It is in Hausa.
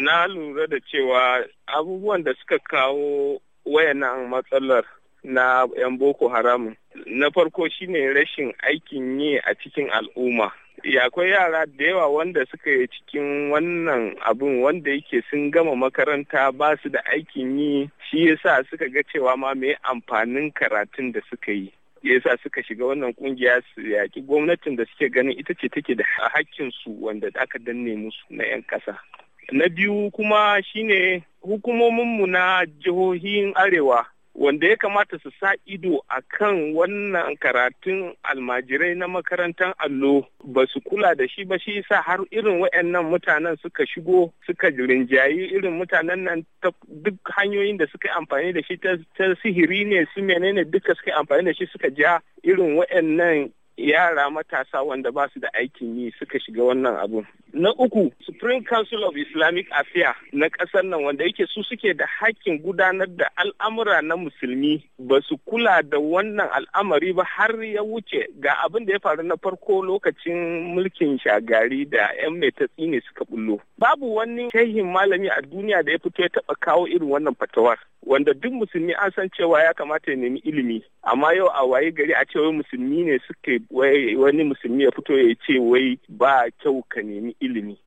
na lura da cewa abubuwan da suka kawo wayannan matsalar na 'yan boko haram na farko shine rashin aikin yi a cikin al'umma akwai yara da yawa wanda suka yi cikin wannan abin wanda yake sun gama makaranta ba su da aikin yi shi yasa suka ga cewa ma me amfanin karatun da suka yi yasa suka shiga wannan kungiya su yaƙi gwamnatin da suke ganin ita ce take da hakkin su wanda aka danne musu na 'yan ƙasa na biyu kuma shine hukumominmu na jihohin arewa wanda ya kamata su sa ido a kan wannan karatun almajirai na makarantar allo ba su kula da shi ba shi sa har irin wayannan mutanen suka shigo suka rinjayi irin mutanen nan duk hanyoyin da suka amfani da shi ta sihiri ne su menene duka suka amfani da shi suka ja irin wayannan yara matasa wanda ba su da aikin yi suka shiga wannan abun. Na uku, Supreme Council of Islamic Affairs na ƙasar nan wanda yake su suke da hakkin gudanar da al'amura na musulmi ba su kula da wannan al'amari ba har ya wuce ga abin da ya faru na farko lokacin mulkin shagari da 'yan mai tatsi ne suka bullo. Babu wani shehin malami a duniya da ya fito ya taɓa kawo irin wannan fatawar. wanda duk musulmi an san cewa ya kamata ya nemi ilimi amma yau a waye gari a cewa musulmi ne suke wani musulmi ya fito ya ce wai ba kyau ka nemi ilimi